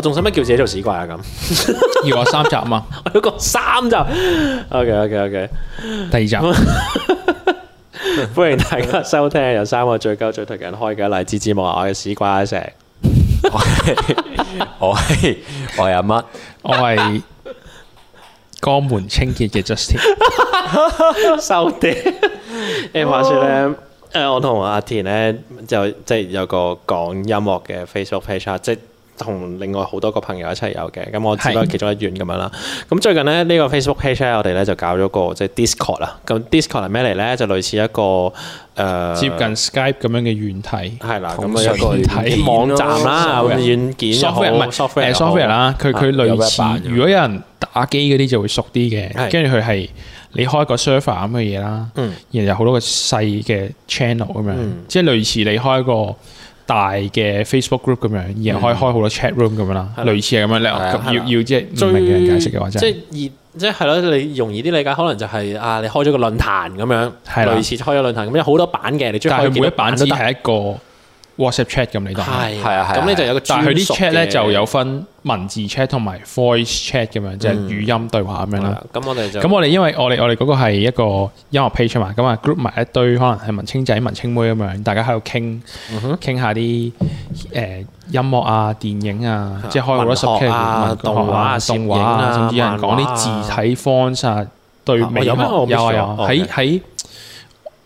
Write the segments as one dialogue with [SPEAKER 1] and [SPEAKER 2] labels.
[SPEAKER 1] 我仲使乜叫自己做屎怪啊？咁 要我三集啊嘛？ 我要講三集。OK，OK，OK、okay, okay, okay。第二集， 歡迎大家收聽由三個最高最突然開嘅勵志節目《我嘅屎怪石》 我。我係我係我係乜？我係、啊、 江門清潔嘅 Justin 收嗲點。誒 呢，話說咧，誒，我同阿田咧就即係有個講音樂嘅 Facebook page，即同另外好多個朋友一齊有嘅，咁我只係其中一員咁樣啦。咁最近咧，呢個 Facebook page 咧，我哋咧就搞咗個即係 Discord 啦。咁 Discord 係咩嚟咧？就類似一個誒接近 Skype 咁樣嘅軟體，係啦，咁樣一個網站啦，咁嘅軟件，software，唔係 software software 啦。佢佢類似，如果有人打機嗰啲就會熟啲嘅。跟住佢係你開個 server 咁嘅嘢啦，嗯，然後有好多個細嘅 channel 咁樣，即係類似你開個大嘅 Facebook group 咁樣，而家可以開好多 chat room 咁樣啦，嗯、類似係咁樣咧。要要的即係唔明嘅人解釋嘅話，即係即係即係咯。你容易啲理解，可能就係、是、啊，你開咗個論壇咁樣，係啦的，類似開咗論壇咁，有好多版嘅，你。但係每一版都係一個。WhatsApp chat 咁你當係係啊係啊，但係佢啲 chat 咧就有分文字 chat 同埋 voice chat 咁樣，即係語音對話咁樣啦。咁我哋就咁我哋因為我哋我哋嗰個係一個音樂 page 嘛，咁啊 group 埋一堆可能係文青仔文青妹咁樣，大家喺度傾傾下啲誒音樂啊、電影啊，即係開好多新劇啊、動畫啊、電影啊，甚至有人講啲字體方式啊，對唔對啊？有啊有，喺喺。.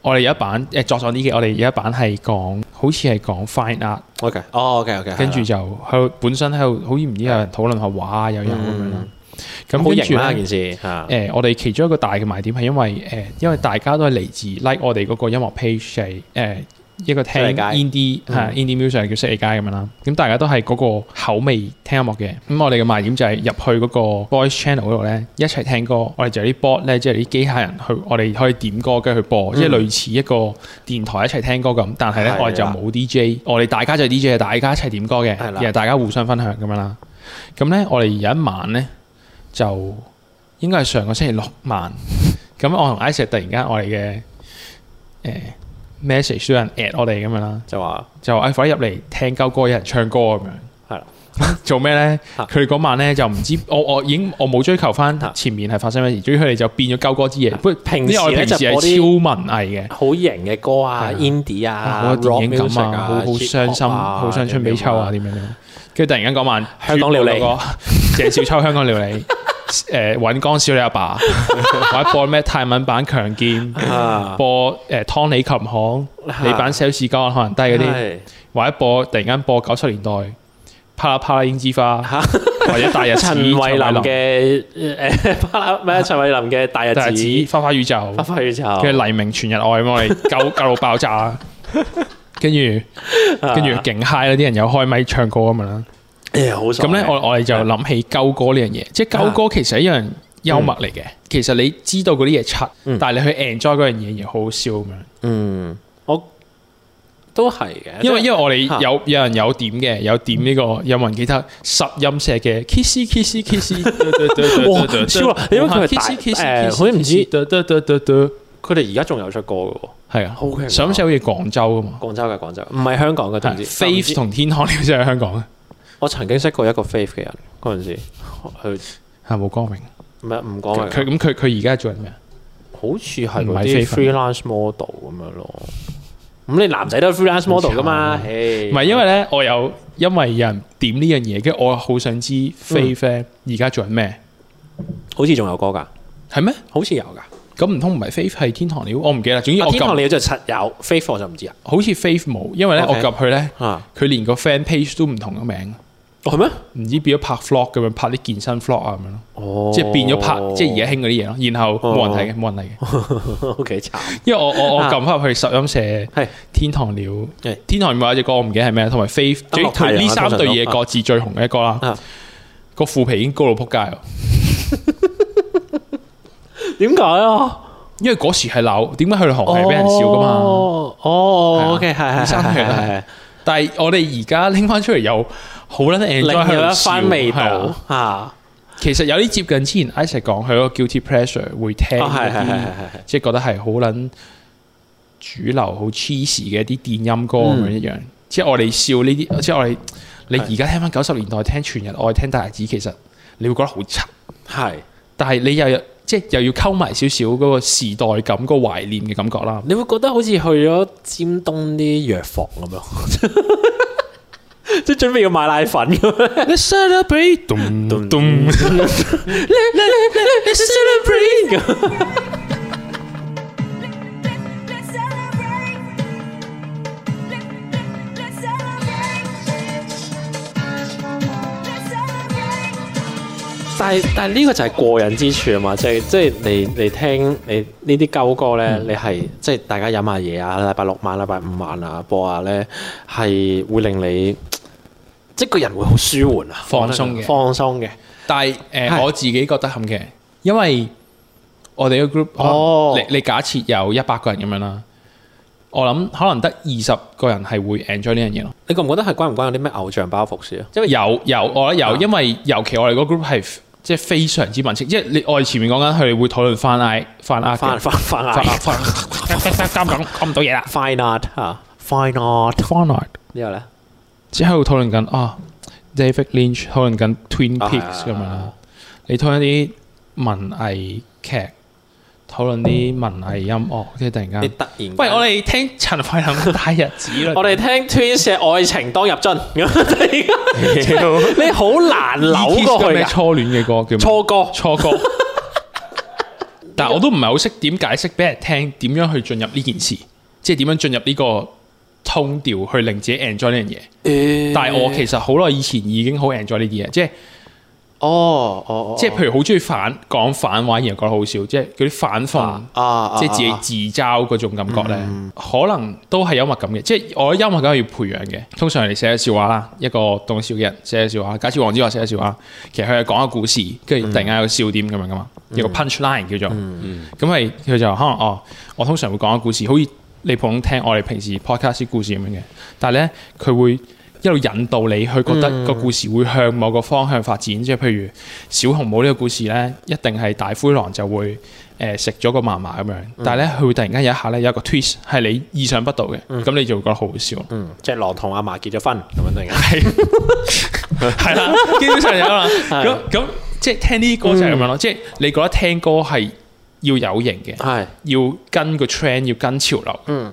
[SPEAKER 1] 我哋有一版，誒作上啲嘅。我哋有一版係講，好似係講 fine art。OK，哦、oh, OK OK，跟住就喺度，本身喺度，好似唔知有人討論下畫有人咁樣啦。咁、mm hmm. 跟住呢件事，誒、啊，我哋、呃、其中一個大嘅賣點係因為誒、呃，因為大家都係嚟自 like 我哋嗰個音樂 page 係誒。呃一個聽 indie 吓 indie music 叫識你佳咁樣啦，咁、嗯嗯、大家都係嗰個口味聽音樂嘅，咁我哋嘅賣點就係入去嗰個 voice channel 嗰度咧，一齊聽歌，我哋就有啲 bot 咧，即係啲機械人去，我哋可以點歌跟住去播，即係、嗯、類似一個電台一齊聽歌咁，但係咧的我哋就冇 DJ，我哋大家就 DJ，大家一齊點歌嘅，而係的大家互相分享咁樣啦。咁咧我哋有一晚咧，就應該係上個星期六晚，咁 我同 Isaac 突然間我哋嘅誒。呃 message 啲人 at 我哋咁樣啦，就話就話哎快入嚟聽鳩歌，有人唱歌咁樣，係啦，做咩咧？佢哋嗰晚咧就唔知，我我已經我冇追求翻前面係發生咩事，所以佢哋就變咗鳩歌之夜。不過平時我哋平時係超文藝嘅，好型嘅歌啊 indie 啊，嗰啲電影感啊，好好傷心，好傷春悲秋啊啲咁樣。跟住突然間嗰晚香港料理，謝少秋香港料理。誒，尹光少理阿爸，或者播咩泰文版強健， 播誒、呃、通利琴行， 你版小時光可能低嗰啲，或者播突然間播九十年代，啪啦啪啦櫻之花， 或者大日陳 慧琳嘅誒咩陳慧琳嘅大， 大日子，花花宇宙，花花宇宙，跟住黎明全日愛，我哋九九爆炸，跟住跟住勁 high 啦，啲人有開咪唱歌咁樣啦。咁咧，我我哋就諗起鳩歌呢樣嘢，即係鳩歌其實一樣幽默嚟嘅。其實你知道嗰啲嘢七，但係你去 enjoy 嗰樣嘢又好笑咁樣。嗯，我都係嘅，因為因為我哋有有人有點嘅，有點呢個有冇人記得十音社嘅 kiss kiss kiss，哇超啊，你唔係 kiss kiss，我唔知，佢哋而家仲有出歌嘅，係啊，好嘅，上一次好似廣州啊嘛，廣州嘅廣州，唔係香港嘅，Faith 同天堂先喺香港啊。我曾經識過一個 faith 嘅人，嗰陣時佢係冇光明，唔係唔光明。佢咁佢佢而家做緊咩？好似係嗰啲 freelance model 咁樣咯。咁你男仔都係 freelance model 噶嘛？唔係是 Hey, 因為咧，我有因為有人點呢樣嘢，跟住我好想知 faith 而家做緊咩？好似仲有歌㗎，係咩嗎？好似有㗎。咁唔通唔係 Faith 係天堂鳥？我唔記得，總之我天堂鳥就七友，Faith 我就唔知啦。好似 Faith 冇，因為咧我撳佢咧，佢連個 Fan Page 都唔同個名。哦係咩？唔知變咗拍 Vlog 咁樣，拍啲健身 Vlog 啊咁樣咯。哦，即係變咗拍，即係而家興嗰啲嘢咯。然後冇人睇嘅，冇人嚟嘅，都幾慘。因為我我我撳翻入去拾音社係天堂鳥，天堂鳥有一隻歌，我唔記得係咩，同埋 Faith。主要呢三對嘢各自最紅嘅一個啦。個腐皮已經高到撲街。點解啊？因為嗰時係樓，點解去學係俾人笑噶嘛？哦，O K，係係係，但係我哋而家拎翻出嚟又好捻 enjoy 翻味道啊！其實有啲接近之前 i 齊講，佢個 guilty pressure 會聽，係係係係即係覺得係好捻主流好 cheese 嘅一啲電音歌咁樣一樣。即係我哋笑呢啲，即係我哋你而家聽翻九十年代聽全日愛聽大日子，其實你會覺得好柒。係，但係你又有。即係又要溝埋少少嗰個時代感、嗰個懷念嘅感覺啦，你會覺得好似去咗尖東啲藥房咁樣，即係準備要買奶粉咁樣。 但係但係呢個就係過人之處啊嘛，即係即係你你聽你呢啲舊歌咧，你係即係大家飲下嘢，啊，禮拜六晚，禮拜五晚啊播下咧，係會令你即係個人會好舒緩啊，放鬆嘅放鬆嘅。但係誒、呃，我自己覺得咁嘅，是因為我哋個 group 哦，你你假設有一百個人咁樣啦。我諗可能得二十個人係會 enjoy 呢樣嘢囉。你覺唔覺得係關唔關有啲咩偶像包袱事啊？即因為有，有，我覺得有，因為尤其我哋個 group 係，即係非常之文青。即係我哋前面講緊，佢哋會討論 fanart，fanart，fanart，fanart，fanart。啱啱講，講唔到嘢喇，fanart，fanart，fanart。之後呢，之後會討論緊哦、啊、David Lynch 討論緊 Twin Peaks 咁樣。啊、你討論啲文藝劇。討論啲文藝音樂，跟、哦、住突然間，你突然間，喂，我哋聽陳慧琳嘅《大日子》啦， 我哋聽 Twins 嘅《愛情當入樽》， 你好難扭過佢。初戀嘅歌叫初歌，初歌。 但係我都唔係好識點解釋俾人聽，點樣去進入呢件事，即係點樣進入呢個通調去令自己 enjoy 呢樣嘢。欸、但係我其實好耐以前已經好 enjoy 呢啲嘢，即係。哦，哦即係譬如好中意反講反話，然後覺得好笑，即係嗰啲反諷，啊啊、即係自己自嘲嗰種感覺呢，啊啊啊嗯、可能都係幽默感嘅。即係我覺得幽默感係要培養嘅。通常你寫笑話啦，一個懂笑嘅人寫笑話，假設黃子華寫笑話，其實佢係講個故事，跟住突然間有個笑點咁樣噶嘛，嗯、有個 punch line 叫做，咁係佢就可能哦，我通常會講個故事，好似你普通聽我哋平時 podcast 啲故事咁樣嘅，但係呢，佢會。一路引導你去覺得個故事會向某個方向發展，即係譬如小紅帽呢個故事呢，一定係大灰狼就會誒食咗個嫲嫲咁樣，但係呢，佢會突然間有一下呢，有一個 twist 係你意想不到嘅，咁、嗯、你就會覺得好笑。嗯、即係狼同阿嫲結咗婚咁樣定係啦， 基本上有啦。咁咁即係聽呢啲歌就係咁樣咯，嗯、即係你覺得聽歌係要有型嘅，係、嗯、要跟個 trend 要跟潮流。嗯。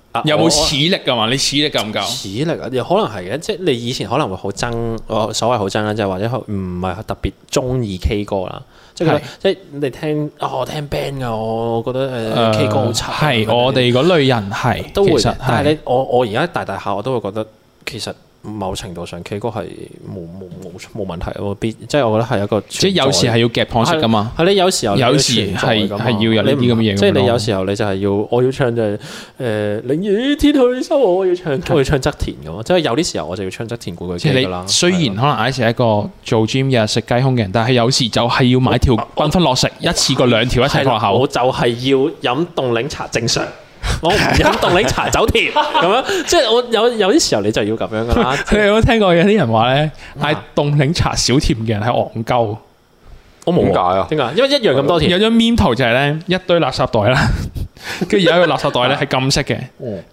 [SPEAKER 1] 啊、有冇始力噶嘛？你始力夠唔夠？始力又可能係嘅，即係你以前可能會好憎，我、哦、所謂好憎啦，就係或者唔係特別中意 K 歌啦，是即係即係你聽，哦，聽 band 啊，我覺得誒 K 歌好差。係、呃、你我哋嗰類人係，都會。實但係你我我而家大大下我都會覺得其實。某程度上，K 歌係冇冇冇冇問題咯。B 即係我覺得係一個即係有時係要夾糖食㗎嘛。係你有時候有時係係要有呢啲咁嘅嘢。即係你有時候你就係要我要唱就誒寧雨天去收。我要唱我要唱側田咁啊！即係有啲時候我就要唱側田古巨基㗎啦。雖然可能 I 係一個做 gym 日日食雞胸嘅人，但係有時就係要買條軍分落食，一次過兩條一齊落口。我就係要飲凍檸茶正常。我唔飲凍檸茶，走甜咁樣，即係我有有啲時候你就要咁樣噶嘛。你有冇聽過有啲人話咧嗌凍檸茶少甜嘅人係戇鳩？我冇解啊，點解？因為一樣咁多甜。有張面圖就係咧一堆垃圾袋啦，跟住有一個垃圾袋咧係金色嘅，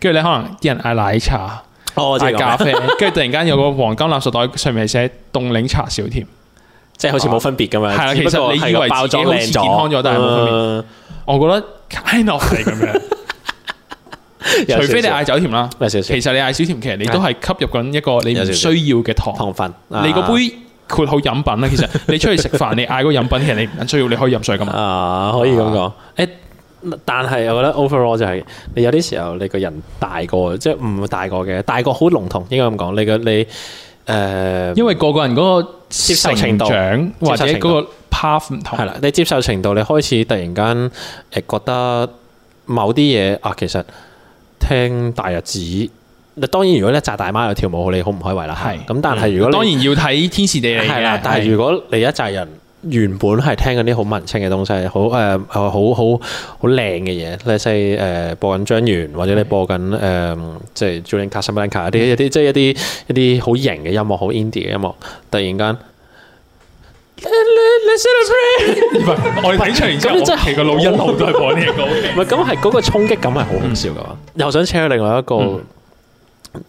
[SPEAKER 1] 跟住你可能啲人嗌奶茶、嗌咖啡，跟住突然間有個黃金垃圾袋上面寫凍檸茶少甜，即係好似冇分別咁樣。係啊，其實你以為包裝靚咗、健康咗，但係冇分別。我覺得 kind of 係咁樣。除非你嗌酒甜啦，其實你嗌小甜，其實你都係吸入緊一個你唔需要嘅糖糖分。你個杯括、啊、好飲品啦，其實你出去食飯， 你嗌個飲品，其實你唔緊需要，你可以飲水噶嘛。啊，可以咁講。誒、啊欸，但係我覺得 overall 就係、是、你有啲時候你個人大個，即係唔大個嘅，大個好籠統，應該咁講。你個你誒，呃、因為個個人嗰個，個接受程度或者嗰個怕唔同係啦。你接受程度，你開始突然間誒覺得某啲嘢啊，其實。聽大日子，那當然如果你紮大媽有跳舞，你好唔開胃啦。係咁是，但係如果當然要睇天時地利。係啦，但係如果你一紮人原本係聽嗰啲好文青嘅東西，好誒，好好好靚嘅嘢，例如誒播緊張元，或者你播緊誒即係 Julian Casablancas 一啲、就是、一啲即係一啲一啲好型嘅音樂，好 indie 嘅音樂，突然間。你你 send a friend 唔係我睇出嚟， 真係的、 okay. 個腦一路都係講呢個。唔係咁，係嗰個衝擊感係好好笑噶。又想扯去另外一個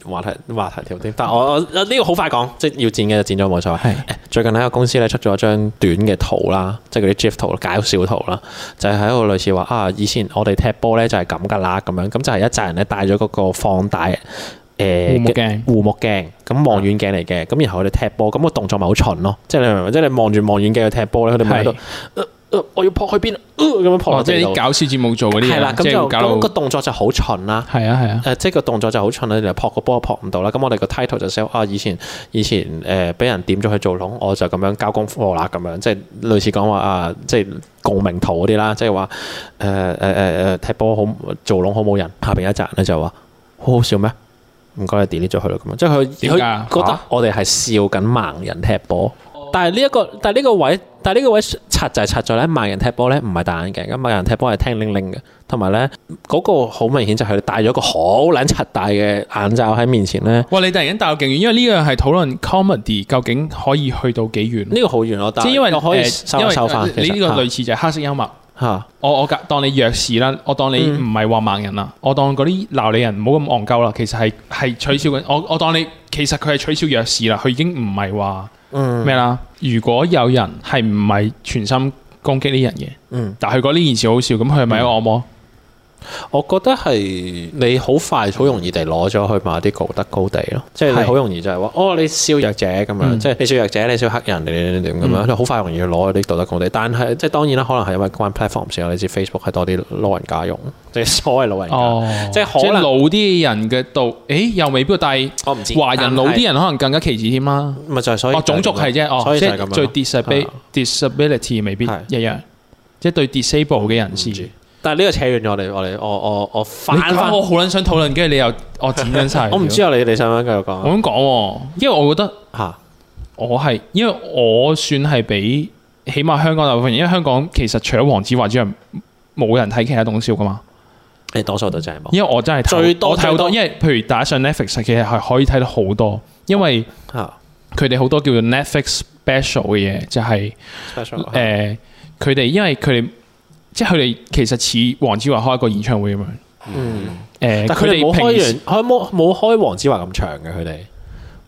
[SPEAKER 1] 話題、嗯、話題條先，但我呢、呢個好快講，即係 要剪嘅就剪咗冇錯。係 最近喺個公司咧出咗張短嘅圖啦，即係嗰啲 GIF 圖搞笑圖啦，就係、是、喺一個類似話啊，以前我哋踢波咧就係咁噶啦咁樣，咁就係一紮人咧帶咗嗰個放大。誒，護目鏡，護目鏡咁望遠鏡嚟嘅，咁然後我哋踢波，咁個動作咪好蠢咯，即係你明唔明？即係你望住望遠鏡去踢波咧，佢哋咪喺度，我要撲去邊，咁樣撲落嚟，即係啲搞笑節目做嗰啲，係啦，咁就個動作就好蠢啦，係啊係啊，即係個動作就好蠢啦，就撲個波撲唔到啦，咁我哋個 title 就寫啊，以前以前誒俾人點咗去做龍，我就咁樣交功課啦，咁樣，即係類似講話啊，即係共鳴圖嗰啲啦，即係話誒誒誒誒踢波好做龍好冇人，下邊一集咧就話好好笑咩？唔該，delete 咗佢咯咁樣！即係佢佢覺得我哋係笑緊盲人踢波、啊呢個，但係呢一個但係呢個位但係呢個位擦就係擦咗咧盲人踢波咧，唔係戴眼鏡，咁盲人踢波係聽鈴鈴嘅，同埋咧嗰個好明顯就係戴咗個好撚闌大嘅眼罩喺面前咧。哇！你突然間戴到勁遠，因為呢樣係討論 comedy 究竟可以去到幾遠？呢個好遠咯，即係因為我可以收收你呢個類似就係黑色幽默。嚇！我我當你弱視啦，我當你唔係話盲人啦，我當嗰啲鬧你人唔好咁戇鳩啦。其實係係取消緊，我我當你其實佢係取消弱視啦，佢已經唔係話咩啦。如果有人係唔係全心攻擊呢人嘅，嗯、但佢覺得呢件事好笑，咁佢係咪一個惡魔？嗯我覺得係你好快好容易地攞咗去買啲道德高地咯，即係好容易就係話哦，你笑弱者咁樣，即係你笑弱者，你笑黑人點咁樣，好快容易攞啲道德高地。但係即係當然啦，可能係因為嗰 platform 先啦，你知 Facebook 係多啲老人家用，即係所謂老人家，即係老啲人嘅道，誒又未必。但係我唔知華人老啲人可能更加歧視添啦，咪就係所以種族係啫，哦，即係最 disable disability 未必一樣，即係對 disable 嘅人士。但係呢個扯遠咗，我哋我哋我看我我翻，我好撚想討論，跟住你又我剪緊晒， 我唔知啊！你你想唔想繼續講？我咁講，因為我覺得吓，我係因為我算係比起碼香港大部分人，因為香港其實除咗黃子華之外，冇人睇其他棟笑噶嘛。你、嗯、多數都真係冇，因為我真係最多睇好多，最多，多，因為譬如打上 Netflix，其實係可以睇到好多，因為吓佢哋好多叫做 Netflix special 嘅嘢，就係誒佢哋因為佢。哋。即係佢哋其實似黃子華開一個演唱會咁樣，嗯，誒、呃，佢哋冇開完，開冇冇開黃子華咁長嘅佢哋。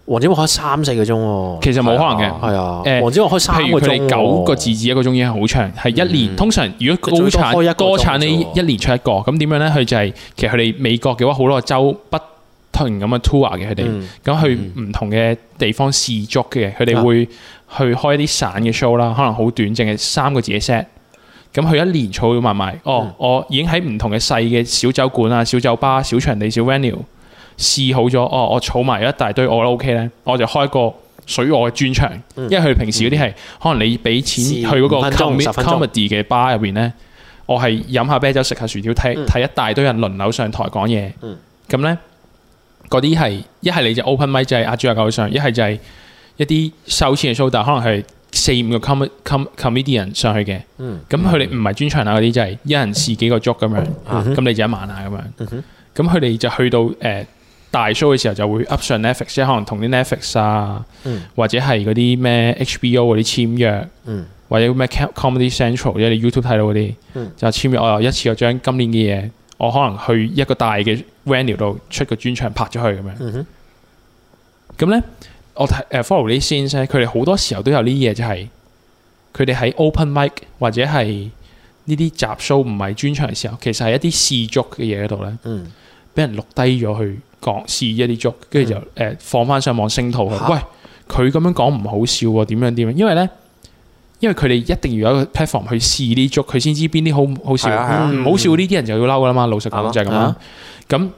[SPEAKER 1] 黃子華開三四個鐘，其實冇可能嘅，係啊。誒，黃子華開三佢哋九個字至一個鐘已經好長，係一年。嗯、通常如果高產，一歌產咧，一年出一個。咁點樣咧？佢就係、是、其實佢哋美國嘅話，好多州不停咁嘅 tour 嘅佢哋，咁、嗯嗯、去唔同嘅地方試作嘅，佢哋會去開一啲散嘅 show 啦，可能好短，淨係三個字嘅 set。咁佢一年儲咗埋埋，哦，嗯、我已經喺唔同嘅細嘅小酒館啊、小酒吧、小場地、小 venue 試好咗，哦，我儲埋一大堆，我都 OK 咧，我就開個水我嘅專場，嗯、因為佢平時嗰啲係可能你俾錢去嗰個 comedy, comedy 嘅吧入邊咧，我係飲下啤酒、食下薯條、睇睇、嗯、一大堆人輪流上台講嘢，咁咧嗰啲係一係你就 open mic 就係阿豬阿狗上，是是一係就係一啲收錢嘅 show，但可能係。四五個 comedian 上去嘅，咁佢哋唔係專場啊嗰啲，就係、是、一人試幾個 job 咁樣，咁、啊、你就一萬啊咁樣。咁佢哋就去到誒、呃、大 show 嘅時候，就會 up 上 Netflix，即係可能同啲 Netflix 啊，嗯、或者係嗰啲咩 HBO 嗰啲簽約，嗯、或者咩 Comedy Central，即係 YouTube 睇到嗰啲，就簽約我又一次就將今年嘅嘢，我可能去一個大嘅 venue 度出個專場拍咗去咁樣。咁呢。嗯嗯嗯我睇、呃、follow 呢啲 sense 佢哋好多時候都有啲嘢、就是，就係佢哋喺 open mic 或者係呢啲雜 show，唔係專場嘅時候，其實係一啲試足嘅嘢嗰度咧，俾、嗯、人錄低咗去講試一啲足，跟住就誒、嗯、放翻上網上聲討。啊、喂，佢咁樣講唔好笑喎，點樣點樣？因為咧，因為佢哋一定要有一個 platform 去試呢足，佢先知邊啲好好笑，唔、嗯嗯、好笑呢啲人就要嬲噶啦嘛。老實講、嗯嗯、就係、是、咁，咁、嗯。嗯嗯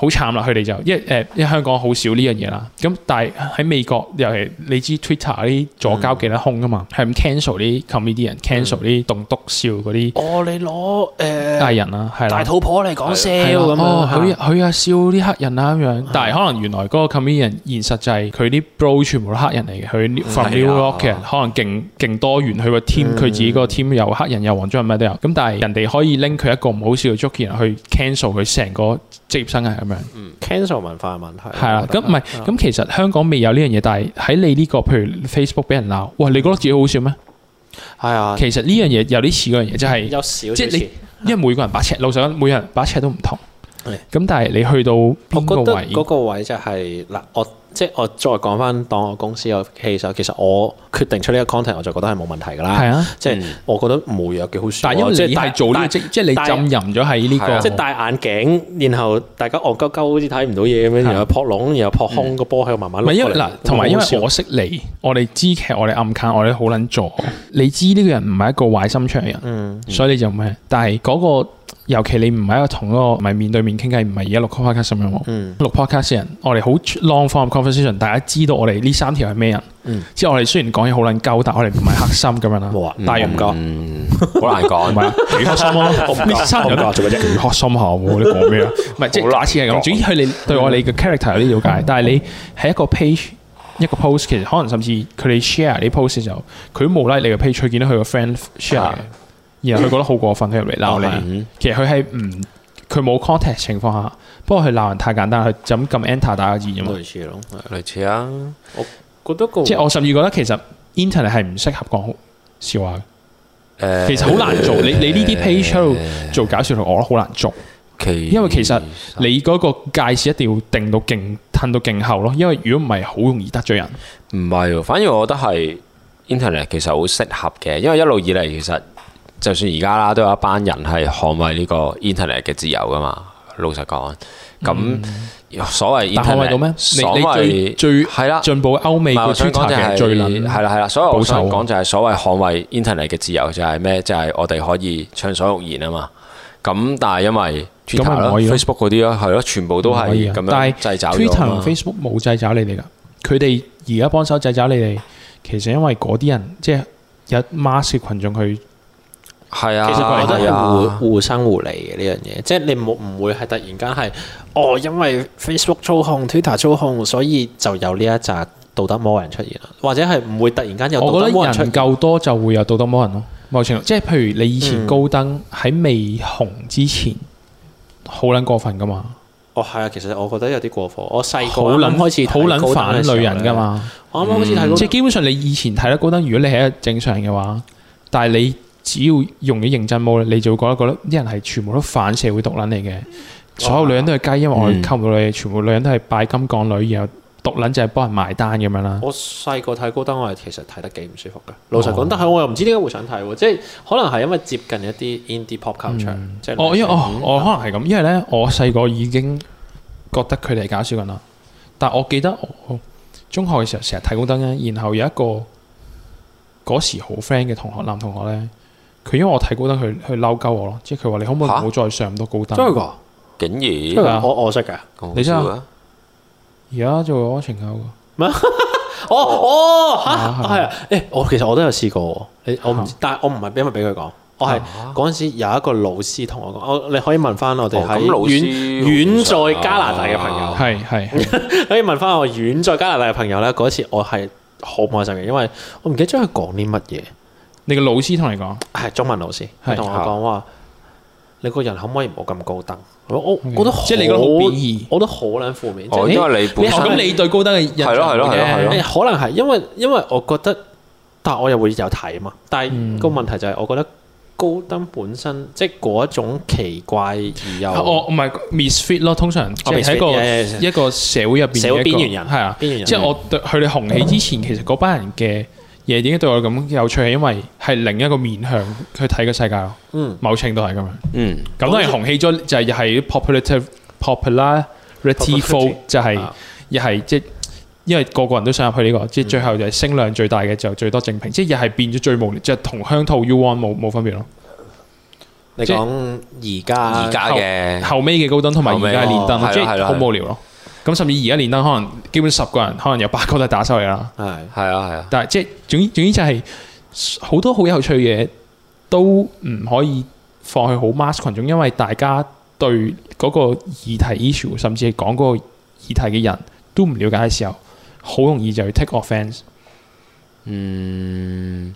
[SPEAKER 1] 好慘啦！佢哋就一誒、呃，因為香港好少呢樣嘢啦。咁但係喺美國尤其你知 Twitter 啲左膠幾得空㗎嘛？係咁、嗯嗯、cancel 啲 comedian，cancel 啲棟篤笑嗰啲。哦，你攞誒藝人啦、啊，係、啊、大肚婆嚟講笑咁樣，佢佢、哦、啊笑啲黑人啊咁樣。但係可能原來嗰個 comedian 現實制、就係，佢啲 bro 全部都黑人嚟嘅。佢 from New York 人，可能勁勁多元。佢個 team 佢自己個 team 又黑人又黃種人咩都有。咁但係人哋可以拎佢一個唔好笑嘅 joke 去 cancel 佢成個職業生涯。嗯，cancel 文化嘅問題係啦，咁唔係咁其實香港未有呢樣嘢，但係喺你呢個，譬如 Facebook 俾人鬧，哇！你覺得自己好笑咩？係啊，其實呢樣嘢有啲似嗰樣嘢。即係即係你，因為每個人把尺路上，每個人把尺都唔同，咁但係你去到邊個位嗰個位就係嗱我。即係我再講翻當我公司有氣候，其實我決定出呢個 content，我就覺得係冇問題㗎啦。係啊，即係我覺得無藥幾好笑。但係因為你係做呢即係你浸淫咗喺呢個，即係戴眼鏡，然後大家戇鳩鳩好似睇唔到嘢咁樣，然後撲窿，然後撲空個波喺度慢慢唔係因為嗱，同埋因為我識你，我哋知劇，我哋暗卡，我哋好撚做。你知呢個人唔係一個壞心腸嘅人，所以你就唔係？但係嗰個。尤其你唔係一個同嗰個唔係面對面傾偈，唔係而家錄 podcast 咁樣，錄 podcast 嘅人，我哋好 long form conversation，大家知道我哋呢三條係咩人，即係我哋雖然講嘢好撚鳩，但我哋唔係黑心咁樣啦，但係唔講，好難講，越黑心咯，我唔知，我唔知，我話做乜嘢，越黑心下喎，你講咩啊？唔係即係假設係咁，主要佢哋對我哋嘅 character 有啲了解，但係你喺一個 page 一個 post，其實可能甚至佢哋 share 你 post 嘅時候，佢都冇 like 你嘅 page，卻見到佢個 friend share。然後佢覺得好過分，佢入嚟鬧你。啊、其實佢係唔佢冇 contact 情況下，不過佢鬧人太簡單，佢就咁撳 enter 打個字啫嘛。類似咯，類似啊。我覺得個即係我甚至覺得其實 Internet 係唔適合講笑話嘅。
[SPEAKER 2] 呃、其實好難做。呃、你你呢啲 page 出到、呃、
[SPEAKER 1] 做搞笑同我覺得好難做，其實因為其實你嗰個界線一定要定到勁，褪到勁後咯。因為如果唔係，好容易得罪人。唔係喎，反而我覺得係 Internet 其實好適合嘅，因為一路以嚟其實。
[SPEAKER 2] 就算而家啦，都有一班人係捍衞呢個 internet 嘅自由噶嘛。老實講，咁所謂捍衞到咩？嗯、所謂最係啦，進步歐美嘅、就係、最能係啦係啦。所以我想講就係所謂捍衞 internet 嘅自由就係咩？就係、係就係、我哋可以暢所欲言啊嘛。咁但係因為 Twitter, Facebook 嗰啲咯，係咯，全部都係咁樣製造嘅咯。Twitter
[SPEAKER 1] Facebook 冇製造你哋噶，佢哋而家幫手製造你哋。其實因為嗰啲人即係有 mask 羣眾去。係啊，其實佢覺得係互、啊、互生互利嘅呢樣嘢，即係你冇唔會係突然間係哦，因為 Facebook 操控，Twitter 操控，所以就有呢一紮道德魔人出現啦。或者係唔會突然間有道德魔人出現。我覺得人夠多就會有道德魔人咯，冇錯、嗯。即係譬如你以前高登喺、嗯、未紅之前，好捻過分噶嘛？哦，係啊，其實我覺得有啲過火。我細個好捻開始好捻反類人噶嘛？我啱啱開始睇，即係基本上你以前睇咧高登，如果你係一正常嘅話，但係你。只要用啲認真 mode，咧，你就會覺得覺得啲人係全部都反社會毒撚嚟嘅，哦、所有女人都係雞，因為我溝唔到你，嗯、全部女人都係拜金港女，然後毒撚就係幫人埋單咁樣啦。我細個睇高登，我係其實睇得幾唔舒服嘅。老實講，哦、但係我又唔知點解會想睇，哦、即係可能係因為接近一啲 indie pop concert 哦，因為我、嗯、我可能係咁，因為咧我細個已經覺得佢哋搞笑緊啦。但我記得我中學嘅時候成日睇高登咧，然後有一個嗰時好 friend 嘅同學男同學咧。佢因為我太高登，佢佢嬲鳩我咯，即係佢話，你可唔可以唔好再上咁多高登。真係噶，
[SPEAKER 2] 竟然我
[SPEAKER 1] 我識嘅，你知啊？而家做咗安全教噶咩？哦哦吓，係啊！誒，我其實我都有試過，誒，我但係我唔係因為俾佢講，我係嗰陣時有一個老師同我講，我你可以問翻我哋喺遠遠在加拿大嘅朋友，係係可以問翻我遠在加拿大嘅朋友咧。嗰次我係好唔開心嘅，因為我唔記得咗佢講啲乜嘢。你個老師同你講，係中文老師，佢同我講話：你個人可唔可以唔好咁高登？我我覺得即係你個好貶義，我都好捻負面，就因為你本身咁你對高登嘅印象係咯係咯係咯，可能係因為因為我覺得，但係我又會有睇嘛。但係個問題就係，我覺得高登本身即係嗰一種奇怪而又我唔係 misfit 咯。通常我未睇過一一個社會入邊社會邊緣人係啊，即係我對佢哋紅起之前，其實嗰班人嘅。嘢點解對我咁有趣？係因為係另一個面向去睇個世界咯。嗯，某程度係咁樣。嗯，咁當然紅起咗就係又係 popular popular retifiable 就係又係即係，因為個個人都想入去呢個，即係最後就係聲量最大嘅就最多正評，即係又係變咗最無聊，即係同香套 U One 冇冇分別咯。你講而家而家嘅後尾嘅高登同埋而家嘅連登，即係好無聊咯。咁甚至而家連登啦，可能基本十個人，可能有八個都係打手嚟啦。係係啊係啊，但係即係總之總之就係、是、好多好有趣嘅嘢都唔可以放去好 mass 群眾，因為大家對嗰個議題 issue，甚至係講嗰個議題嘅人都唔了解嘅時候，好容易就去 take offense 嗯。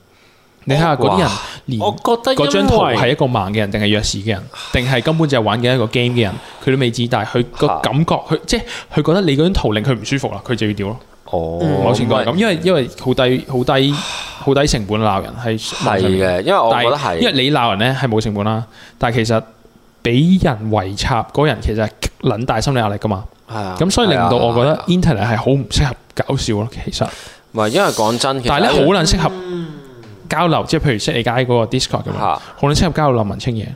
[SPEAKER 1] 你睇下嗰啲人連，我覺得嗰張圖係一個盲嘅人，定係弱視嘅人，定係根本就係玩緊一個 game 嘅人，佢都未知，但係佢個感覺，佢的即係佢覺得你嗰張圖令佢唔舒服啦，佢就要屌咯。哦，我以前都係咁，因為因為好低好低好低成本鬧人，係係嘅，因為我覺得係因為你鬧人咧係冇成本啦，但係其實俾人圍插嗰人其實係撚大心理壓力噶嘛。咁的所以令到我覺得 Internet 係好唔適合搞笑咯，其實
[SPEAKER 2] 唔係，因為講真，但係咧好難適合。嗯。
[SPEAKER 1] 交流，即係譬如西麗街嗰個 disco 咁樣，好多人出入交流文青嘢。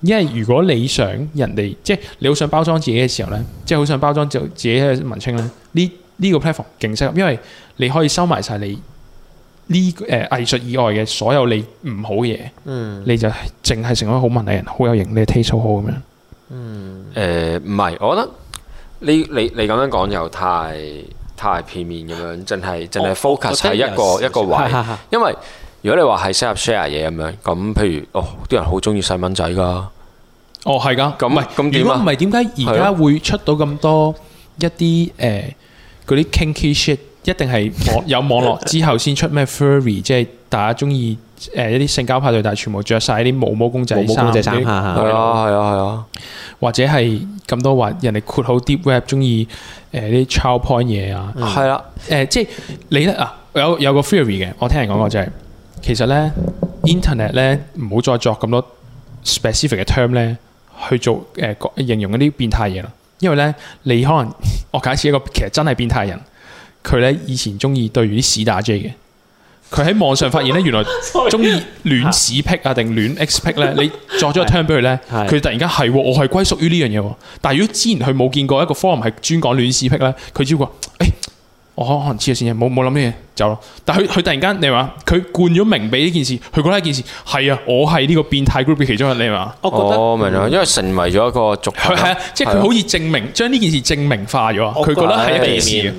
[SPEAKER 1] 因為如果你想人哋，即係你好想包裝自己嘅時候呢，即係好想包裝就自己嘅文青呢呢、呢個 platform 勁適合，因為你可以收埋晒你呢誒藝術以外嘅所有你唔好嘢，嗯，你就淨係成為好文雅人，好有型，你 Taste 好咁樣。嗯，誒、呃，
[SPEAKER 2] 唔係，我覺得你你你咁 eurs 樣講又太太片面咁樣，淨係淨係 focus 喺一個一個位，因為。如果你話係 share share 嘢咁樣，咁譬如哦，啲人好中意細蚊仔噶，
[SPEAKER 1] 哦係噶，咁唔係咁點？如果唔係點解而家會出到咁多一啲誒嗰啲 kinky shit？一定係有網絡之後先出咩 furry 即係大家中意誒一啲性交派對，但係全部着晒啲毛毛公仔衫，係啊係啊係啊，或者係咁多話人哋括號 deep web 中意誒啲 child point 嘢啊，係啦誒，即係你咧啊有有個 furry 嘅，我聽人講過就係。其實咧，Internet 咧唔好再作咁多 specific 嘅 term 咧去做誒、呃、形容一啲變態嘢啦。因為咧，你可能我假設一個其實真係變態人，佢咧以前中意對住啲屎打 J 嘅，佢喺網上發現咧原來中意戀屎癖啊定戀 X 癖咧， 你作咗個 term 俾佢咧，佢 是的 突然間係、哦、我係歸屬於呢樣嘢。但係如果之前佢冇見過一個 forum 係專講戀屎癖咧，佢只會話，哎。我可能黐咗線，冇冇諗咩嘢走咯。但係佢佢突然間，你話佢冠咗名俾呢件事，佢覺得一件事係啊，我係呢個變態 group 其中一，你話？我覺得，我明啦，嗯、因為
[SPEAKER 2] 成為咗一個族，佢係啊，即係佢好似
[SPEAKER 1] 證明是、啊、將呢件事證明化咗，佢覺得係一件事。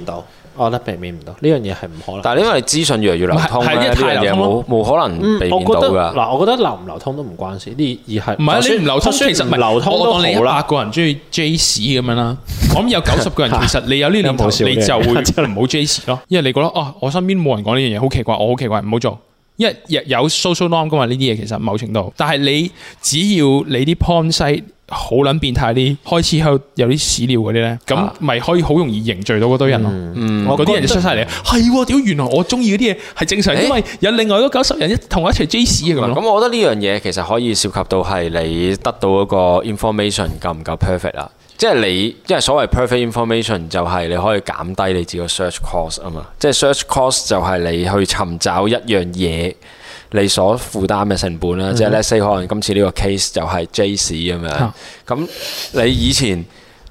[SPEAKER 1] 我覺得避免唔到，呢樣嘢係唔可能。但係因為資訊越嚟越流通咧，啲嘢冇冇可能避免到㗎。嗱，我覺得流唔流通都唔關事，啲而係唔係你唔流通，其實唔係流通都好啦。一百個人中意 Jazz 咁樣啦，咁有九十個人其實你有呢兩條，你就會唔好 Jazz 咯，因為你覺得哦，我身邊冇人講呢樣嘢，好奇怪，我好奇怪，唔好做。一有有 social norm 噶嘛，呢啲嘢其實某程度，但係你只要你啲 p o i n t 西好撚變態啲，開始有有啲屎尿嗰啲咧，咁咪可以好容易凝聚到嗰堆人咯。嗯，嗰啲人就出晒嚟。係、嗯，屌、啊、原來我中意嗰啲嘢係正常，欸、因為有另外嗰九十人一同我一齊 j 屎嘅咁咯。咁、欸、樣我覺得呢樣
[SPEAKER 2] 嘢其實可以涉及到係你得到嗰個 information 夠唔夠 perfect 啦、啊。即係你，因為所謂 perfect information 就係你可以減低你自己嘅 search cost 啊嘛。即係 search cost 就係你去尋找一樣嘢你所負擔嘅成本啦。嗯、即係 let's say 可能今次呢個 case 就係 Jase 咁樣。咁好你以前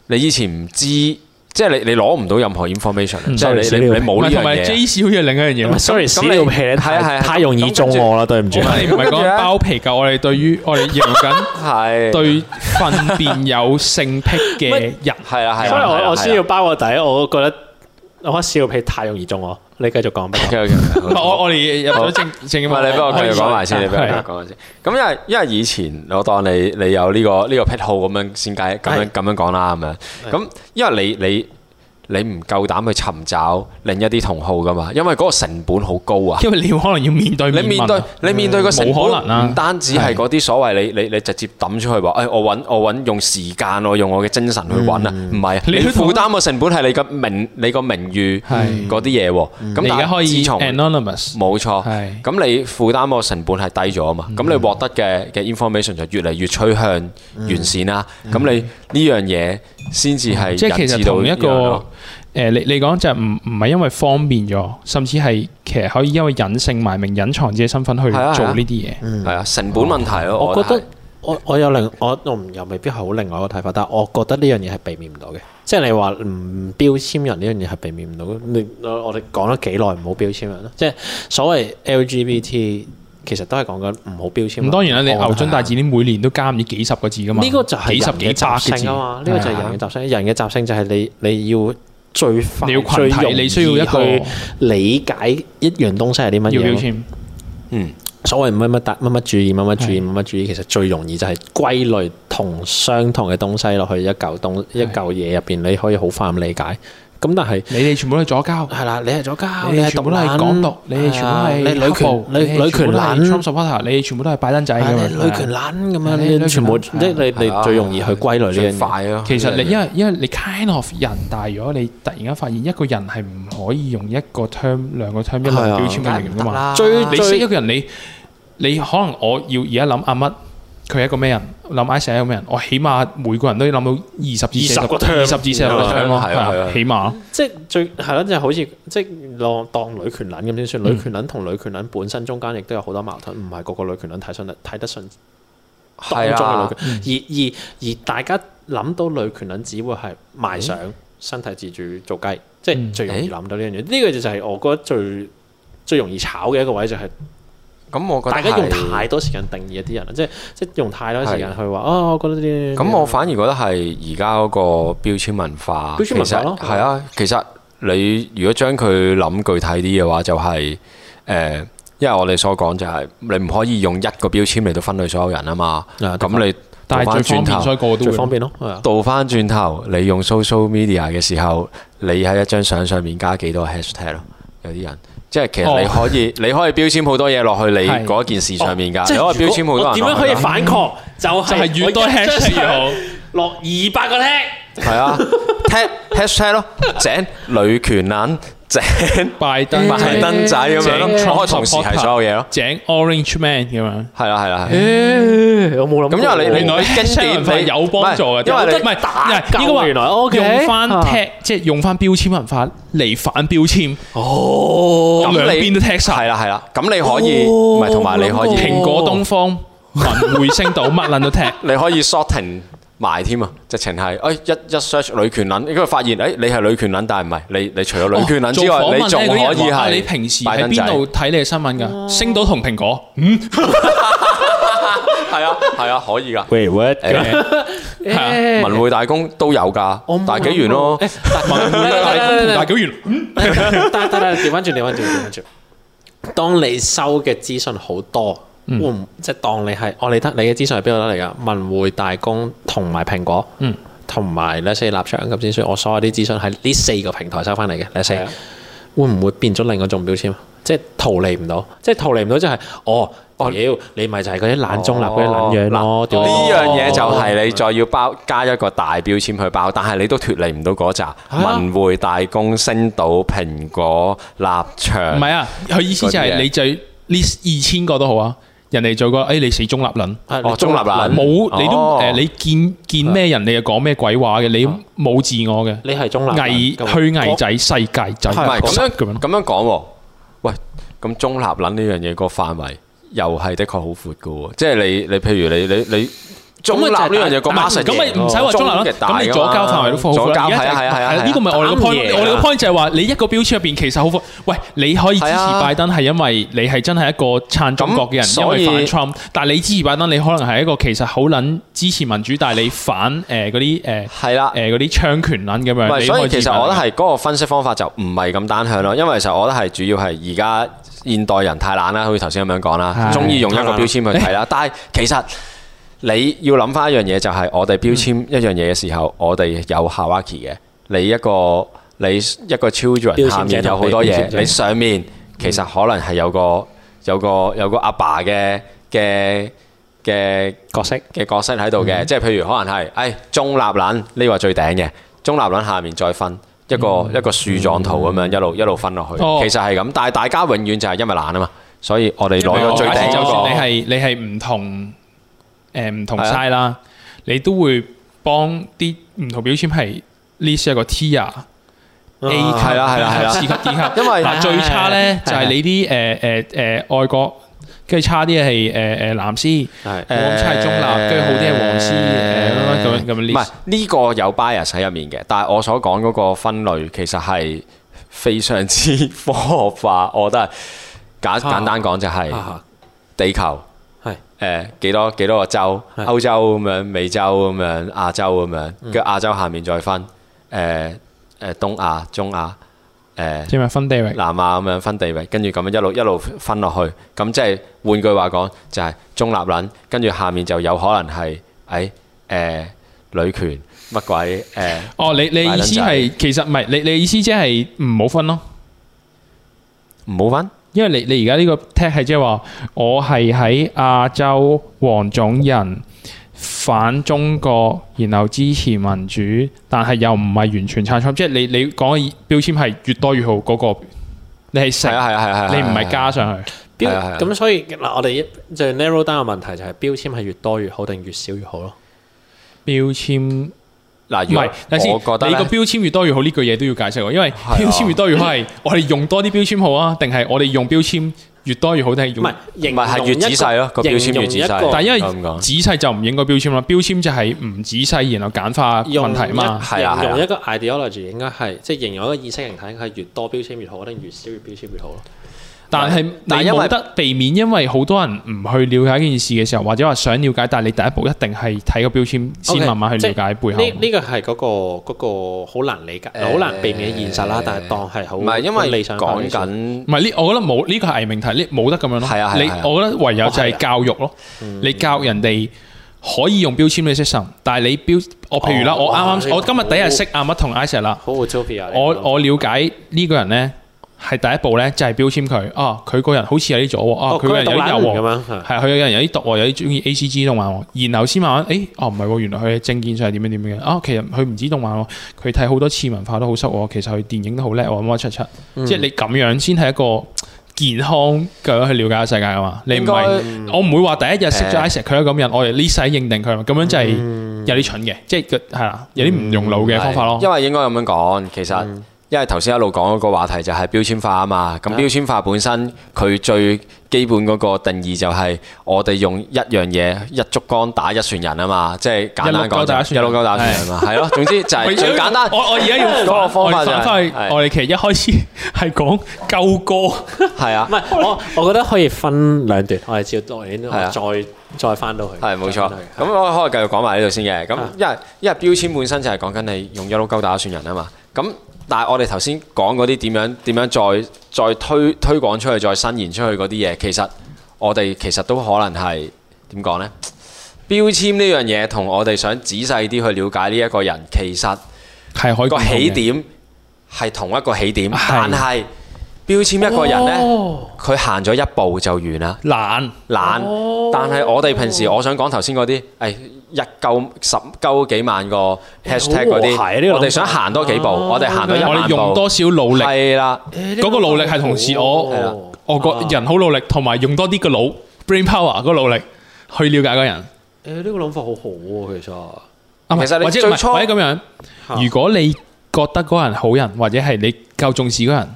[SPEAKER 2] 你以前唔知。即係你你攞唔到任何 information，即係你冇呢樣嘢。同埋 J
[SPEAKER 1] 小姐另一樣嘢，sorry 屎尿屁，係啊係啊，太容易中我啦，
[SPEAKER 2] 對唔住。我哋唔係講
[SPEAKER 1] 包皮㗎，我哋對於我哋形容緊對糞便有性癖嘅人，係啊係啊，所以我我需要包個底，我覺得。我覺得笑屁太容易中我，你繼續講。嗱 好， 我我哋入咗正 正你 唔係我繼續講埋先，你我不如講埋先。咁
[SPEAKER 2] 因為因為以前我當你你有呢個呢個癖好咁樣先解，咁樣咁樣講啦，咁樣。咁因為你你。你你唔夠膽去尋找另一啲同好噶嘛？因為嗰個成本好高啊！因為你可能
[SPEAKER 1] 要面對你面對你面對個成本，唔單止係嗰
[SPEAKER 2] 啲所謂你你你直接抌出去話，誒我揾我揾用時間，我用我嘅精神去揾啊！唔係你負擔個成本係你個名你個名譽嗰啲嘢喎。咁而家可以 anonymous，冇錯，咁你負擔個成本係低咗啊嘛？咁你獲得嘅嘅 information 就越嚟越趨向完善啦。咁你呢樣嘢先至係即係其實同一個。
[SPEAKER 1] 誒，你你講就唔唔係因為方便咗，甚至係其實可以因為隱姓埋名、隱藏自己身份去做呢啲嘢，係啊，啊，成本問題咯、啊。我覺得我我，我有另我我唔又未必係好另外一個睇法，但係我覺得呢樣嘢係避免唔到嘅。即係、嗯、你話唔標籤人呢樣嘢係避免唔到。你我哋講咗幾耐唔好標籤人啦。即係所謂 LGBT 其實都係講緊唔好標籤。咁當然啦，你牛津大字典每年都加唔止幾十個字噶嘛。呢個就係人嘅習性啊嘛。呢個就係人嘅習性，的人嘅習，習性就係你你要。最快，你要最容你需要一個理解一樣東西係啲乜嘢，要要嗯，所謂乜乜特乜乜主義，乜乜主義，乜乜主義，其實最容易就係歸類同相同嘅東西落去一舊東，一舊嘢入邊，你可以好快咁理解。咁但係你哋全部都係左膠，係啦，你係左膠，你係全部都係港獨，你係全部係你女權，女女權撚，supporter，你全部都係擺攤仔㗎嘛，女權撚咁樣，你全部，你你你最容易去歸類呢樣嘢。其實你因為因為你 kind of 人，但係如果你突然間發現一個人係唔可以用一個 term 兩個 term 一個標籤嘅人㗎嘛，最你識一個人，你你可能我要而家諗啊乜？佢係一個咩人？諗 I 寫一個咩人？我起碼每個人都要諗到二十、二十個 turn，二十至四十個 turn 係啊，起碼即。即係最係咯，就好似即係當當女權論咁先算。嗯、女權論同女權論本身中間亦都有好多矛盾，唔係個個女權論睇上得睇得上當中嘅女權。啊嗯、而而而大家諗到女權論，只會係賣相、身體自主、做雞，嗯、即係最容易諗到呢樣嘢。呢、嗯、個就就係我覺得最最容易炒嘅一個位就係、是。咁我覺得大家用太多時間定義一啲人啦，即係即係用太多時間去話哦，我覺得啲咁我
[SPEAKER 2] 反而覺得係而家嗰個標籤文化，其實係啊，其實你如果將佢諗具體啲嘅話，就係誒，因為我哋所講就係你唔可以用一個標籤嚟到分類所有人啊嘛，咁你但係最方便，所以個個都方便咯。倒翻轉頭，你用 social media 嘅時候，你喺一張相上面加幾多 hashtag 咯？有啲人。即係其實你可以，oh. 你可以標籤好多嘢落去你嗰件事上面㗎。如果我點樣可以反抗
[SPEAKER 1] 就？ 就係越多 hashtag 越好，落二百個 hashtag。
[SPEAKER 2] 係啊，hashtag hashtag hashtag 咯，井女權人。井拜登仔咁樣開創新係所有嘢
[SPEAKER 1] 咯，井 Orange Man 咁樣，係啦係啦係。我冇諗，咁因為你你可以跟文化有幫助嘅，因為唔
[SPEAKER 2] 係唔係應該話用翻踢，即
[SPEAKER 1] 係用翻標籤文化嚟反標籤。哦，咁兩邊都踢晒。係啦係啦，咁你可以唔係同埋你可以蘋果、東方、
[SPEAKER 2] 文匯、星島乜撚都踢，你可以 shorting。埋添啊！直情係，哎一一 search 女權撚，應該發現，哎你係女權撚，但係唔係你，你除咗女權撚之外，你仲可以係。做訪問咧，你平時喺邊度
[SPEAKER 1] 睇你嘅新聞噶？星島同蘋果。嗯。係啊係啊，可以噶。Wait what？文
[SPEAKER 2] 匯大公都有噶，
[SPEAKER 1] 大紀元咯？大幾元？大幾元？嗯。得得得，調翻轉，調翻轉，調翻轉。當你收嘅資訊好多。會唔即係當你係我理得，你嘅資訊係邊度得嚟噶？文匯大公同埋蘋果，嗯，同埋呢四立場嘅資訊，我所有啲資訊喺呢四個平台收翻嚟嘅。呢四會唔會變咗另外一種標籤？即係逃離唔到，即係逃離唔到，即係哦，我屌你咪就係嗰啲懶中立嗰啲懶樣咯。呢樣嘢就係
[SPEAKER 2] 你再要包加一個大標籤去包，但係你都脫離唔到嗰紮文匯大公、星島蘋果、立
[SPEAKER 1] 場。唔係啊，佢意思就係你最呢二千個都好啊。人哋做過，誒、哎、你死中立撚，哦中立撚，冇你都誒、哦呃，你見見咩人你又講咩鬼話嘅，你冇自我嘅，你係中立撚、偽危虛偽仔、那個、世界仔，咁樣咁樣講喎，
[SPEAKER 2] 喂，咁中立撚呢樣嘢個範圍又係的確好闊嘅喎，即係你你譬如你你你。你中立呢樣就講乜嘢？咁咪唔使話中立咯。咁你左膠範圍都封好。左膠係係係。呢個咪我哋個 point。我哋個
[SPEAKER 1] point 就係話你一個標籤入邊其實好封。喂，你可以支持拜登係因為你係真係一個撐中國嘅人，因為反 Trump。但係你支持拜登，你可能係一個其實好撚支持民主，但係你反誒嗰啲誒係啦誒嗰啲槍權撚咁樣。唔係，所以其實我覺得係
[SPEAKER 2] 嗰個分析方法就唔係咁單向咯。因為其實我覺得係主要係而家現代人太懶啦，好似頭先咁樣講啦，鍾意用一個標籤去睇啦。但係其實。你要諗翻一樣嘢，就係我哋標籤一樣嘢嘅時候，我哋有 Hierarchy 嘅。你一個你一個 children 下面有好多嘢，你上面其實可能係有個有個有個阿爸嘅嘅嘅角色嘅角色喺度嘅。即係譬如可能係，哎，中立欄呢個係最頂嘅，中立欄下面再分一個一個樹狀圖咁樣一路一路分落去。其實係咁，但係大家永遠就係因為懶啊嘛，所以我哋攞咗最頂。你係
[SPEAKER 1] 你係唔同。誒唔同晒啦，你都會幫啲唔同標籤係呢些一個 T 啊 A 級啦，係啦，四級、五級。因為最差咧就係你啲誒誒誒外國，跟住差啲係誒誒藍絲，冇咁差係中立，跟住好啲係黃絲。誒咁咁樣。唔係
[SPEAKER 2] 呢個有 bias 喺入面嘅，但係我所講嗰個分類其實係非常之科學化，我覺得係簡簡單講，就係地球。誒，幾多幾多個洲？歐洲咁樣、美洲咁樣、亞洲咁樣，跟住亞洲下面再分，誒誒，東亞、中亞，誒，即係分地域，南亞咁樣分地域，跟住咁樣一路一路分落去。咁即係換句話講，就係中立撚，跟住下面就有可能係喺誒女權乜鬼誒？
[SPEAKER 1] 哦，你你意思係其實唔係，你你意思即係唔好分咯，唔好分。因為你你而家呢個 tag 係即係話，我係喺亞洲黃種人反中國，然後支持民主，但係又唔係完全撐撐，即、就、係、是、你你講嘅標籤係越多越好嗰、那個你，你係成係係你唔係加上去標咁，啊啊啊啊啊啊啊、所以嗱我哋一就 narrow down 嘅問題就係標籤係越多越好定越少越好咯？標籤。唔係，但係先我覺得你個標籤越多越好呢句嘢都要解釋喎。因為標籤越多越好係，啊、我哋用多啲標籤好啊，定係我哋用標籤越多越好？定係唔係？唔係認為係越仔細咯。個標籤越仔細，但係因為仔細就唔應該標籤啦。標籤就係唔仔細，然後簡化問題啊嘛。係啊，用、啊、一個 ideology 應該係即係形容一個意識形態，係越多標籤越好，定係越少越標籤越好咯？但係，你冇得避免，因為好多人唔去了解一件事嘅時候，或者話想了解，但係你第一步一定係睇個標籤先，慢慢去了解背後。呢個係嗰個嗰個好難理解，好難避免現實啦。但係當係好理想講緊。唔係呢？我覺得冇呢個係偽命題，呢冇得咁樣咯。係啊係啊，你我覺得唯有就係教育咯。你教人哋可以用標籤去識人，但係你標我譬如啦，我啱啱我今日第一日識阿乜同阿石啦。好，我 Javier。我我了解呢個人呢？係第一步咧，就係、是、標籤佢。哦，佢個人好似有啲左喎。哦，佢個人有啲喎。係佢有個人有啲毒，有啲中意 A.C.G. 動漫。然後先慢慢，誒，哦，唔係喎，原來佢證件上係點樣點樣嘅。啊，其實佢唔知動漫喎，佢睇好多次文化都好失喎。其實佢電影都好叻喎，乜乜七七。嗯、即係你咁樣先係一個健康嘅去了解世界啊嘛。該你唔係、嗯、我唔會話第一日識咗 Ish，佢都咁樣。是我哋呢世認定佢，咁樣真係有啲蠢嘅，嗯、即係個係啦，有啲唔用腦嘅方法咯。
[SPEAKER 2] 因為應該咁樣講，其實、嗯。因為頭先一路講嗰個話題就係標籤化啊嘛，咁標籤化本身佢最基本嗰個定義就係我哋用一樣嘢一竹竿打一船人啊嘛，即係簡單講就一碌鳩打一船人啊，係咯，總之就係最簡單。我我而家用嗰個方法翻翻去，
[SPEAKER 1] 我哋其實一開始係講鳩歌，係啊，唔係我我覺得可以分兩段，我哋照導演都係啊，再再
[SPEAKER 2] 翻到去係冇錯。咁我可以繼續講埋呢度先嘅，咁一係一係標籤本身就係講緊你用一碌鳩打一船人啊嘛，咁。但係我哋頭先講嗰啲點樣點樣再再推推廣出去再伸延出去嗰啲嘢，其實我哋其實都可能係點講呢？標籤呢樣嘢同我哋想仔細啲去了解呢一個人，其實係個起點係同一個起點，但係標籤一個人呢，佢行咗一步就完啦，懶懶，但係我哋平時、哦、我想講頭先嗰啲，哎。一夠十夠幾萬個 hashtag 嗰啲，我哋想行多幾步，我哋行到一萬步，我哋用多
[SPEAKER 1] 少努力？係啦，嗰個努力係同時我我個人好努力，同埋用多啲個腦 brain power 個努力去了解個人。誒，呢個諗法好好喎，其實啊，其實或者唔係咁樣。如果你覺得嗰個人好人，或者係你夠重視嗰人，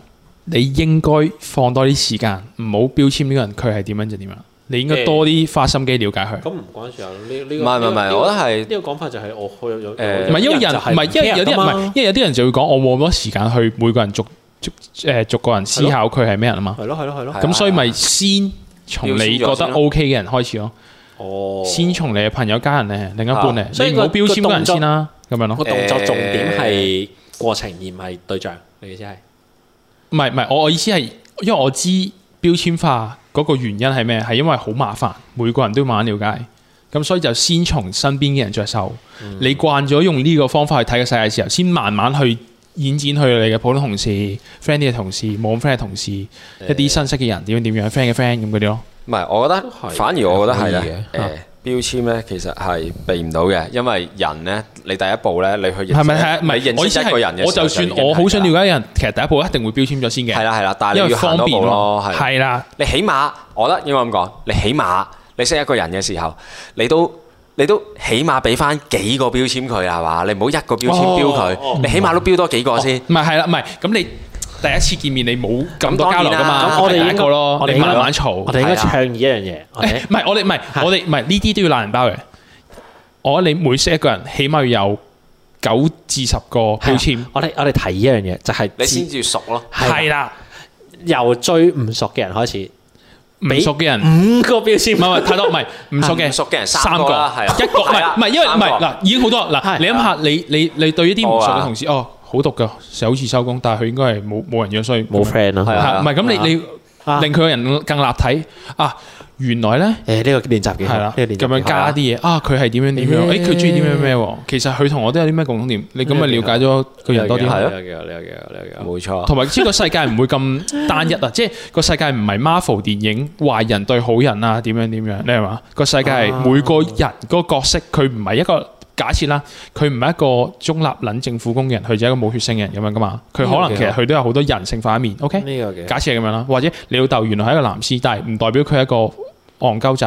[SPEAKER 1] 你應該放多啲時間，唔好標籤呢個人佢係點樣就點樣。你應該多啲花心機了解佢。咁唔關事啊，呢呢個。唔係唔係，我覺得係呢個講法就係我去咗。誒唔係，因為啲人唔係，因為有啲人。唔係，因為有啲人就會講我冇咁多時間去每個人逐逐誒逐個人思考佢係咩人啊嘛。係咯係咯係咯。咁所以咪先從你覺得 OK 嘅人開始咯。哦。先從你嘅朋友家人咧，另一半咧，所以唔好標籤人先啦。咁樣咯，個動作重點係過程而唔係對象。你嘅意思係？唔係唔係，我我意思係，因為我知。標籤化嗰個原因係咩？係因為好麻煩，每個人都要慢慢了解，咁所以就先從身邊嘅人着手。嗯、你慣咗用呢個方法去睇個世界嘅時候，先慢慢去演展去你嘅普通同事、friend 嘅、嗯、同事、冇咁 friend 嘅同事、嗯、一啲新識嘅人點樣點樣、friend 嘅 friend 咁嗰啲咯。
[SPEAKER 2] 唔係，我覺得是反而我覺得係標籤咧，其實係避唔到嘅，因為人咧，你第一步咧，你去認識，係咪係啊？唔係，認一個人我已經係，我就算就我好想了解
[SPEAKER 1] 人，其實第一步一定會標籤咗先嘅。係啦係啦，但係你要行一步咯，係。係
[SPEAKER 2] 啦，你起碼，我覺得應該咁講，你起碼你，起碼你識一個人嘅時候，你都你都起碼俾翻幾個標籤佢係嘛？你唔好一個標籤標佢，哦哦、你起
[SPEAKER 1] 碼都標多幾個先。唔係係啦，唔係咁你。第一次見面你冇咁多交流噶嘛？我哋一個咯，我哋慢慢嘈，我哋應該倡議一樣嘢。誒，唔係我哋唔係我哋唔係呢啲都要爛人包嘅。我你每識一個人，起碼要有九至十個標籤。我哋我哋睇呢樣嘢就係你先至熟咯。係啦，由最唔熟嘅人開始，
[SPEAKER 2] 唔熟
[SPEAKER 1] 嘅人五個標籤，唔係太多，唔係唔熟嘅，熟嘅人三個，係一個，唔係唔係因為唔係嗱，已經好多嗱，你諗下你你你對呢啲唔熟嘅同事哦。好毒噶，首次收工，但係佢應該係冇冇人約，所以冇 friend 咯。係啊，唔係咁你你令佢個人更立體啊！原來咧，誒呢個練習嘅係啦，咁樣加啲嘢啊！佢係點樣點樣？誒佢中意啲咩咩？其實佢同我都有啲咩共通點？你咁咪瞭解咗個人多啲係咯？你有幾你有
[SPEAKER 2] 幾你有幾！冇錯，同埋知
[SPEAKER 1] 個世界唔會咁單一啊！即係個世界唔係 Marvel 電影壞人對好人啊？點樣點樣？你係嘛？個世界係每個人個角色，佢唔係一個。假設啦，佢唔係一個中立撚政府工人，佢就係一個冇血性嘅人咁樣噶嘛。佢可能其實佢都有好多人性化一面，OK？假設係咁樣啦，或者你老豆原來係一個藍絲，但係唔代表佢係一個憨鳩仔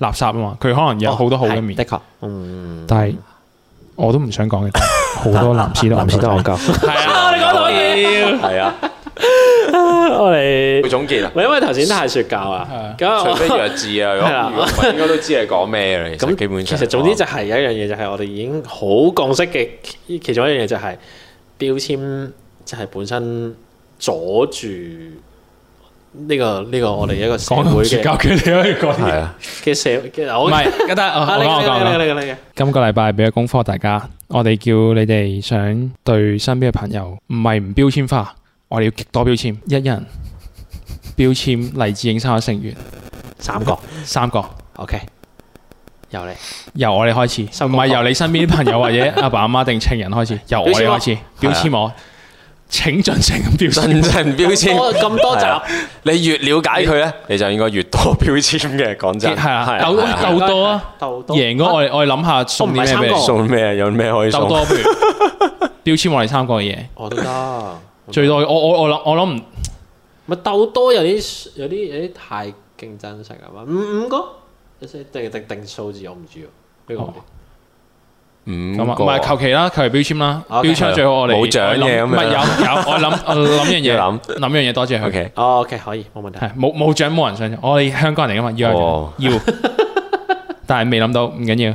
[SPEAKER 1] 垃圾啊嘛。佢可能有好多好嘅面、哦、的確，嗯，但係我都唔想講嘅，好多藍絲都藍絲 都憨鳩，你講到要，
[SPEAKER 2] 係啊。 我哋總結啊，唔係因為頭先都係
[SPEAKER 1] 說教啊，咁除非弱智
[SPEAKER 2] 啊，如果唔係應該都知係講咩嚟。咁基本上其實總之就
[SPEAKER 1] 係有一樣嘢，就係我哋已經好共識嘅。其中一樣嘢就係標籤就係本身阻住呢個呢個我哋一個社會嘅說教權，你可以講係啊嘅社嘅。唔係得我講啦。你嘅你嘅今個禮拜俾嘅功課，大家我哋叫你哋想對身邊嘅朋友唔係唔標籤化。我哋要極多標籤，一人標籤黎智英嘅成員，三個，三個，OK。由你，由我哋開始，唔係由你身邊啲朋友或者阿爸阿媽定情人開始，由我哋開始標籤我，請盡情咁標籤，盡情標籤。咁多集，
[SPEAKER 2] 你越了解佢咧，你就應該越多標籤嘅。講真係啊，鬥鬥多啊，鬥多，
[SPEAKER 1] 贏個我我諗下送咩送咩有咩可以鬥多，標籤我哋三個嘢，我都得。最多我我我諗我諗唔咪鬥多有啲有啲有啲太競爭性啊嘛，五五個，定定定數字我唔知，邊個五個唔係求其啦，求其標籤啦，標籤最好我哋冇獎嘅咩，唔係有有我諗我諗樣嘢諗諗樣嘢多謝佢，OK，OK 可以冇問題，係冇冇獎冇人想，我哋香港人嚟噶嘛要要，但係未諗到唔緊要。